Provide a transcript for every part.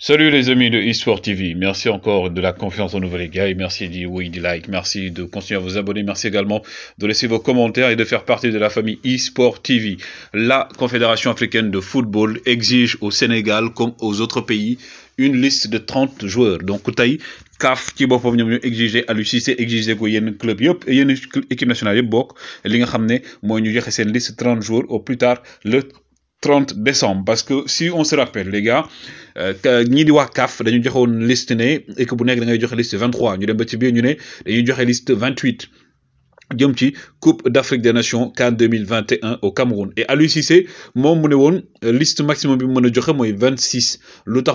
Salut les amis de eSport TV, merci encore de la confiance en nous les gars et merci de oui, de like, merci de continuer à vous abonner, merci également de laisser vos commentaires et de faire partie de la famille eSport TV. La Confédération africaine de football exige au Sénégal comme aux autres pays une liste de 30 joueurs. Donc Koutaï, CAF ci boppam exiger. exigé Aliou exigé ko club et une équipe nationale yëpp bok. li nga ñu 30 joueurs au plus tard le 30 décembre parce que si on se rappelle les gars euh, ñii di waa kaf dañu joxone liste et que bu nek da joxe liste 23 ñu dem ba ci biir ñu né dañuy joxe liste 28 jëm ci coupe d'Afrique des nations 4 2021 au Cameroun et à Cissé moom mu ne euh, liste maximum bi mu mën 26. joxe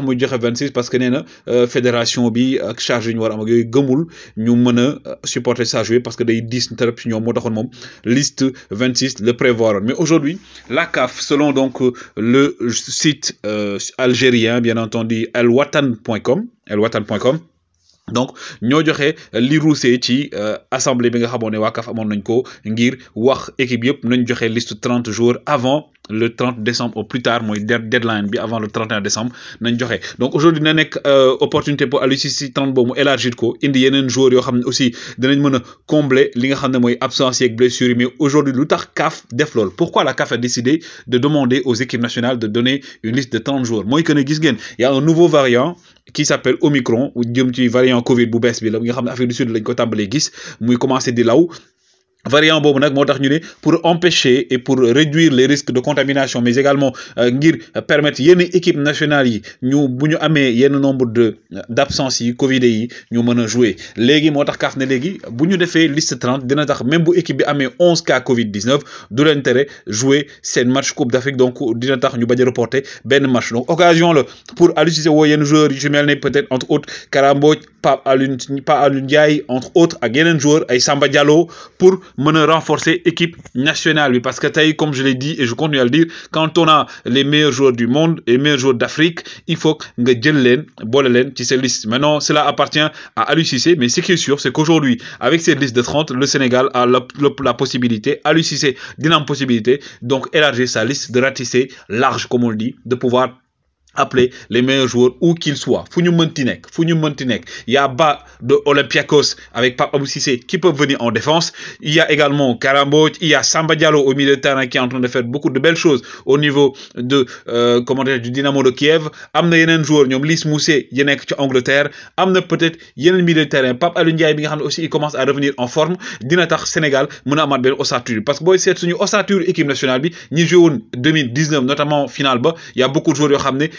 mooy 26 joxe parce que nee euh, fédération bi ak charge ñu war am ak yooyu gëmul ñu mën a euh, supporter ça jouer parce que day 10 interruptions si ñoom liste 26, le prévoir mais aujourd'hui la CAF selon donc le site algérien bien entendu elwatan.com, donc ñoo joxe li ruusee ci euh, assemblée bi nga xamone wa waa CAF nañ ko ngir wax équipe yépp nañ joxe liste 30 jours avant le 30 décembre au plus tard mooy deadline avant le 31 décembre nañ donc aujourd'hui dina nekk euh, opportunité pour Aliou 30 temps boobu mu élargir ko indi yeneen joueurs yoo xam aussi dinañ mën combler li nga xam ne absence blessure mais aujourd'hui lu CAF def pourquoi la CAF a décidé de demander aux équipes nationales de donner une liste de 30 joueurs Moi, que ne gis Il y a un nouveau variant qui s'appelle Omicron ou ci variant Covid bu bees bi la nga xam de Afrique du Sud lañ ko tàmbalee gis commencé di law variant bobu nak motax ñu pour empêcher et pour réduire les risques de contamination mais également euh, ngir permettre yenn équipe nationale yi ñu buñu amé amee yenn nombre de euh, d'absence yi Covid yi ñu mëna jouer légui motax tax né légui buñu défé liste 30 dina tax même bu équipe bi amé 11 cas Covid 19 du l'intérêt jouer seen match Coupe d'Afrique. donc dina tax ñu bañ reporter ben match donc occasion le pour Aliou wo woo yenn joueurs yu ci peut être entre autres Karambo Pape Alun Pape Alioune entre autres ak yeneen joueur ay Samba Diallo pour mener renforcer équipe nationale parce que taille comme je l'ai dit et je continue à le dire quand on a les meilleurs joueurs du monde et les meilleurs joueurs d'Afrique il faut que jël leen liste maintenant cela appartient à l'UCC mais ce qui est sûr c'est qu'aujourd'hui avec cette liste de 30 le Sénégal a la, possibilité à Cissé d'une possibilité donc élargir sa liste de ratisser large comme on le dit de pouvoir appeler les meilleurs joueurs où qu'ils soient. Founou Montinek, Founou Montinek. Il y a Bas de Olympiakos avec Papa Boussissé qui peut venir en défense. Il y a également Karambot, il y a Samba Diallo au milieu de terrain qui est en train de faire beaucoup de belles choses au niveau de euh, comment dire, du Dynamo de Kiev. Amna un joueur ñom Lis Moussé yi nek en Angleterre. Amna peut-être yenen milieu de terrain Papa Alioune Ndiaye bi aussi il commence à revenir en forme dina tax Sénégal mëna amat ben ossature parce que boy c'est suñu ossature équipe nationale bi ñi 2019 notamment finale il y a beaucoup de joueurs yo xamné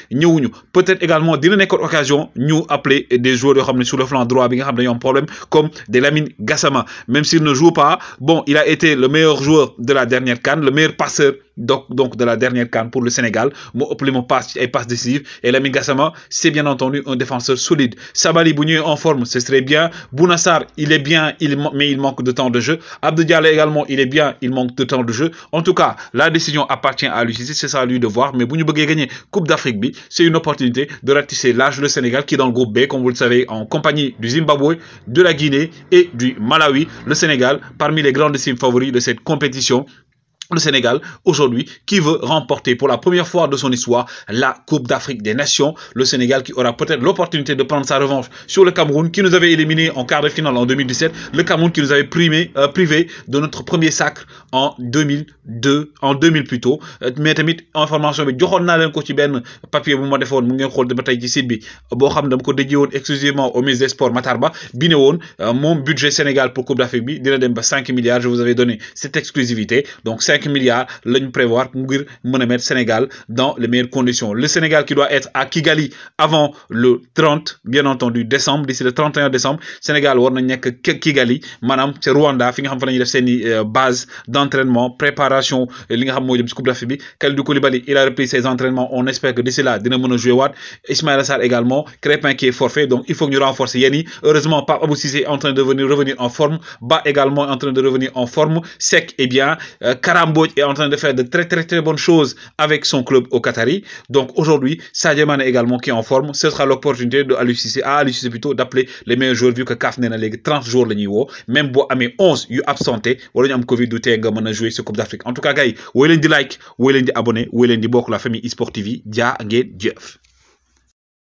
peut-être également d'une autre occasion nous appeler des joueurs yoo xam sur le flanc droit bi problème comme Delamine Gassama même s'il ne joue pas bon il a été le meilleur joueur de la dernière canne le meilleur passeur donc de la dernière canne pour le Sénégal je passe et l'ami Gassama c'est bien entendu un défenseur solide Sabali bu en forme ce serait bien Bounassar, il est bien il mais il manque de temps de jeu Abdou également il est bien il manque de temps de jeu en tout cas la décision appartient à lui c'est ça à lui de voir mais bu peut gagner Coupe d'Afrique B. c'est une opportunité de ratisser l'âge du Sénégal qui est dans le groupe B comme vous le savez en compagnie du Zimbabwe de la Guinée et du Malawi le Sénégal parmi les grandes favoris de cette compétition le Sénégal, aujourd'hui, qui veut remporter pour la première fois de son histoire la Coupe d'Afrique des Nations. Le Sénégal qui aura peut-être l'opportunité de prendre sa revanche sur le Cameroun, qui nous avait éliminé en quart de finale en 2017. Le Cameroun qui nous avait primé, euh, privé de notre premier sacre en 2002, en 2000 plutôt. Euh, mais tamit information bi joxoon vous ko papier bu ma defoon mu un xool ci site bi boo xam exclusivement au ministre des Sports Matarba. mon euh, budget Sénégal pour Coupe d'Afrique bi 5 milliards. Je vous avais donné cette exclusivité. Donc milliards L'un prévoir pour mon Sénégal dans les meilleures conditions le Sénégal qui doit être à Kigali avant le 30 bien entendu décembre d'ici le 31 décembre Sénégal on na que Kigali madame c'est Rwanda finir en euh, base d'entraînement préparation il a repris ses entraînements on espère que d'ici là dina monnaie jouer également Crépin qui est forfait donc il faut que nous renforcer Yeni. heureusement pas Abou est en train de venir revenir en forme Bas également en train de revenir en forme sec et bien euh, Cambodge est en train de faire de très très très bonnes choses avec son club au Qatari. Donc aujourd'hui, Sadio également qui est en forme, ce sera l'opportunité de Alucissé, à plutôt d'appeler les meilleurs joueurs vu que CAF a léegi 30 jours le niveau. même à Amé 11 est absenté wala ñu am Covid du a jouer ce Coupe d'Afrique en tout cas gars vous woy like vous abonner, di abonné vous leen la famille eSport TV Dia,